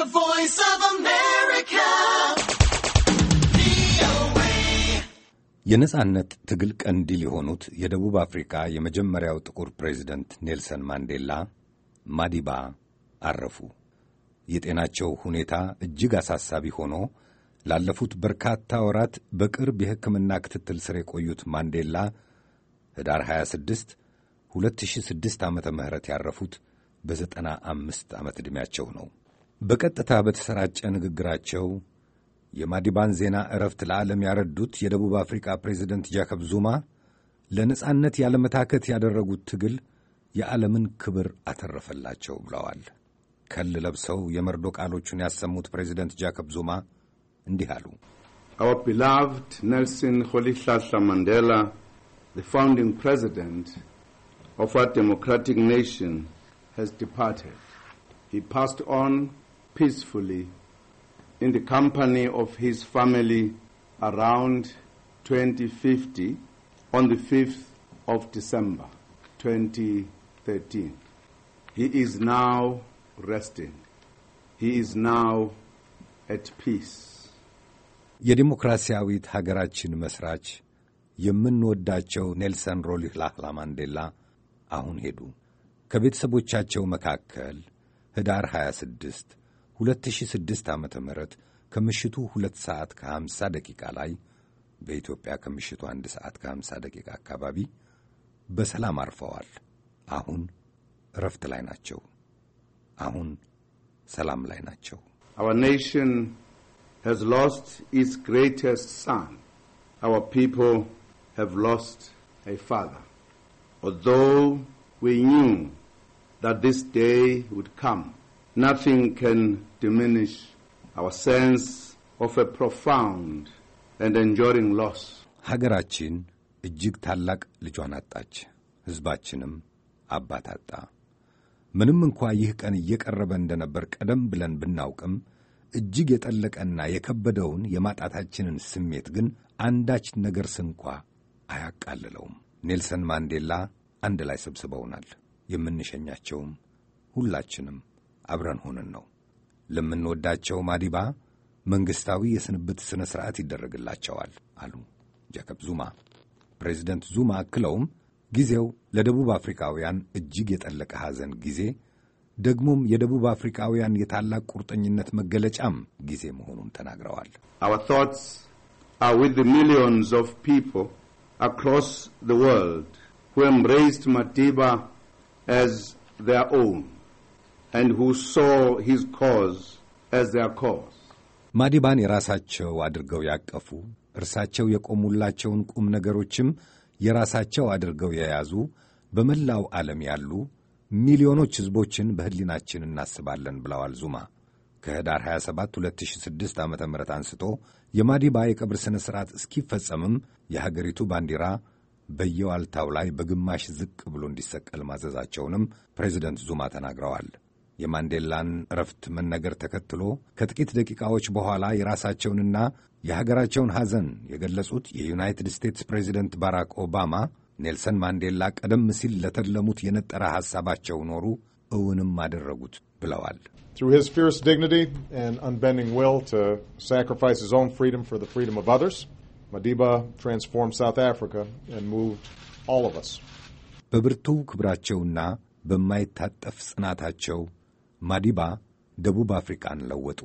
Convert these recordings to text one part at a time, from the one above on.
The Voice of America. የነጻነት ትግል ቀንዲል የሆኑት የደቡብ አፍሪካ የመጀመሪያው ጥቁር ፕሬዚደንት ኔልሰን ማንዴላ ማዲባ አረፉ። የጤናቸው ሁኔታ እጅግ አሳሳቢ ሆኖ ላለፉት በርካታ ወራት በቅርብ የሕክምና ክትትል ስር የቆዩት ማንዴላ ኅዳር 26 2006 ዓ ም ያረፉት በዘጠና 95 ዓመት ዕድሜያቸው ነው። በቀጥታ በተሰራጨ ንግግራቸው የማዲባን ዜና ዕረፍት ለዓለም ያረዱት የደቡብ አፍሪካ ፕሬዚደንት ጃከብ ዙማ ለነጻነት ያለመታከት ያደረጉት ትግል የዓለምን ክብር አተረፈላቸው ብለዋል። ከል ለብሰው የመርዶ ቃሎቹን ያሰሙት ፕሬዚደንት ጃከብ ዙማ እንዲህ አሉ። አወር ቢላቭድ ኔልሰን ኮሊክላሳ ማንዴላ ፋውንዲንግ ፕሬዚደንት ኦፍ አወር ዴሞክራቲክ ኔሽን ሃዝ ዲፓርትድ ሂ ፓስድ ኦን peacefully in the company of his family around 2050 on the 5th of December 2013. He is now resting. He is now at peace. የዲሞክራሲያዊት ሀገራችን መስራች የምንወዳቸው ኔልሰን ሮሊህላህላ ማንዴላ አሁን ሄዱ። ከቤተሰቦቻቸው መካከል ህዳር 26 2006 ዓ ም ከምሽቱ 2 ሰዓት ከ50 ደቂቃ ላይ በኢትዮጵያ ከምሽቱ 1 ሰዓት ከ50 ደቂቃ አካባቢ በሰላም አርፈዋል። አሁን እረፍት ላይ ናቸው። አሁን ሰላም ላይ ናቸው። Our nation has lost its greatest son. Our people have lost a father. Although we knew that this day would come, Nothing can diminish our sense of a profound and enduring loss. ሀገራችን እጅግ ታላቅ ልጇን አጣች። ሕዝባችንም አባት አጣ። ምንም እንኳ ይህ ቀን እየቀረበ እንደነበር ቀደም ብለን ብናውቅም እጅግ የጠለቀና የከበደውን የማጣታችንን ስሜት ግን አንዳች ነገር ስንኳ አያቃልለውም። ኔልሰን ማንዴላ አንድ ላይ ሰብስበውናል። የምንሸኛቸውም ሁላችንም አብረን ሆነን ነው። ለምንወዳቸው ማዲባ መንግሥታዊ የስንብት ሥነ ሥርዓት ይደረግላቸዋል አሉ ጃከብ ዙማ። ፕሬዚደንት ዙማ አክለውም ጊዜው ለደቡብ አፍሪካውያን እጅግ የጠለቀ ሐዘን ጊዜ ደግሞም የደቡብ አፍሪካውያን የታላቅ ቁርጠኝነት መገለጫም ጊዜ መሆኑን ተናግረዋል። ሚሊዮንስ and who saw his cause as their cause. ማዲባን የራሳቸው አድርገው ያቀፉ እርሳቸው የቆሙላቸውን ቁም ነገሮችም የራሳቸው አድርገው የያዙ በመላው ዓለም ያሉ ሚሊዮኖች ሕዝቦችን በሕሊናችን እናስባለን ብለዋል ዙማ። ከህዳር 27 2006 ዓ ም አንስቶ የማዲባ የቀብር ሥነ ሥርዓት እስኪፈጸምም የሀገሪቱ ባንዲራ በየዋልታው ላይ በግማሽ ዝቅ ብሎ እንዲሰቀል ማዘዛቸውንም ፕሬዚደንት ዙማ ተናግረዋል። የማንዴላን እረፍት መነገር ተከትሎ ከጥቂት ደቂቃዎች በኋላ የራሳቸውንና የሀገራቸውን ሐዘን የገለጹት የዩናይትድ ስቴትስ ፕሬዚደንት ባራክ ኦባማ ኔልሰን ማንዴላ ቀደም ሲል ለተለሙት የነጠረ ሐሳባቸው ኖሩ እውንም አደረጉት ብለዋል። በብርቱ ክብራቸውና በማይታጠፍ ጽናታቸው ማዲባ ደቡብ አፍሪካን ለወጡ፣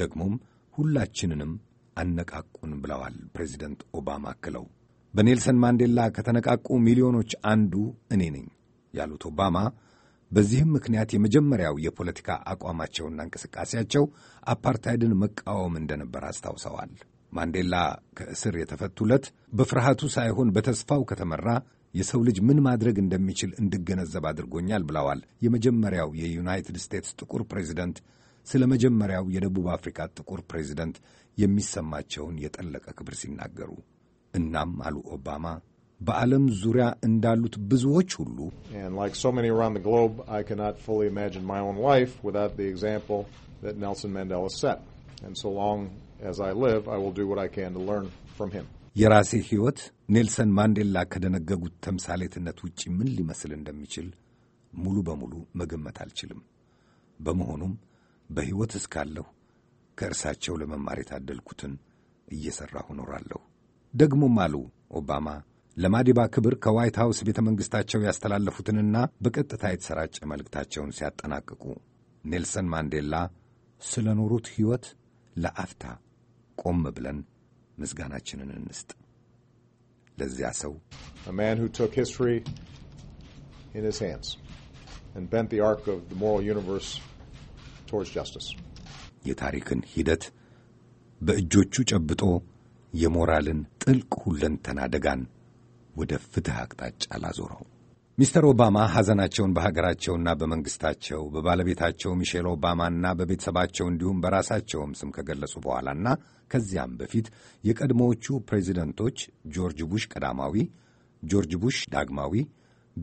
ደግሞም ሁላችንንም አነቃቁን ብለዋል ፕሬዚደንት ኦባማ አክለው። በኔልሰን ማንዴላ ከተነቃቁ ሚሊዮኖች አንዱ እኔ ነኝ ያሉት ኦባማ በዚህም ምክንያት የመጀመሪያው የፖለቲካ አቋማቸውና እንቅስቃሴያቸው አፓርታይድን መቃወም እንደነበር አስታውሰዋል። ማንዴላ ከእስር የተፈቱለት በፍርሃቱ ሳይሆን በተስፋው ከተመራ የሰው ልጅ ምን ማድረግ እንደሚችል እንድገነዘብ አድርጎኛል ብለዋል። የመጀመሪያው የዩናይትድ ስቴትስ ጥቁር ፕሬዚደንት ስለ መጀመሪያው የደቡብ አፍሪካ ጥቁር ፕሬዚደንት የሚሰማቸውን የጠለቀ ክብር ሲናገሩ እናም አሉ ኦባማ በዓለም ዙሪያ እንዳሉት ብዙዎች ሁሉ ኔልሰን የራሴ ሕይወት ኔልሰን ማንዴላ ከደነገጉት ተምሳሌትነት ውጪ ምን ሊመስል እንደሚችል ሙሉ በሙሉ መገመት አልችልም። በመሆኑም በሕይወት እስካለሁ ከእርሳቸው ለመማር የታደልኩትን እየሠራሁ እኖራለሁ። ደግሞም አሉ ኦባማ ለማዲባ ክብር ከዋይት ሃውስ ቤተ መንግሥታቸው ያስተላለፉትንና በቀጥታ የተሰራጨ መልእክታቸውን ሲያጠናቅቁ ኔልሰን ማንዴላ ስለ ኖሩት ሕይወት ለአፍታ ቆም ብለን ምስጋናችንን እንስጥ ለዚያ ሰው የታሪክን ሂደት በእጆቹ ጨብጦ የሞራልን ጥልቅ ሁለንተና አደጋን ወደ ፍትህ አቅጣጫ ላዞረው። ሚስተር ኦባማ ሐዘናቸውን በሀገራቸውና በመንግሥታቸው በባለቤታቸው ሚሼል ኦባማና በቤተሰባቸው እንዲሁም በራሳቸውም ስም ከገለጹ በኋላና ከዚያም በፊት የቀድሞዎቹ ፕሬዚደንቶች ጆርጅ ቡሽ ቀዳማዊ፣ ጆርጅ ቡሽ ዳግማዊ፣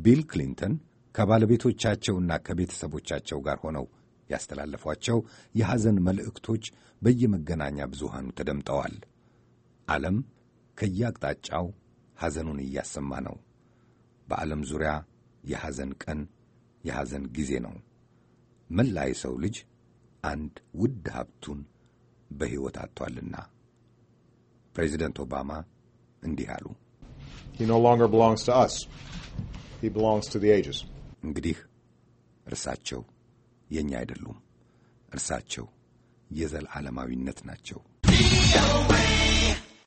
ቢል ክሊንተን ከባለቤቶቻቸውና ከቤተሰቦቻቸው ጋር ሆነው ያስተላለፏቸው የሐዘን መልእክቶች በየመገናኛ ብዙሃኑ ተደምጠዋል። ዓለም ከየአቅጣጫው ሐዘኑን እያሰማ ነው። በዓለም ዙሪያ የሐዘን ቀን የሐዘን ጊዜ ነው። መላ የሰው ልጅ አንድ ውድ ሀብቱን በሕይወት አጥቷልና ፕሬዚደንት ኦባማ እንዲህ አሉ። እንግዲህ እርሳቸው የእኛ አይደሉም፣ እርሳቸው የዘላለማዊነት ናቸው።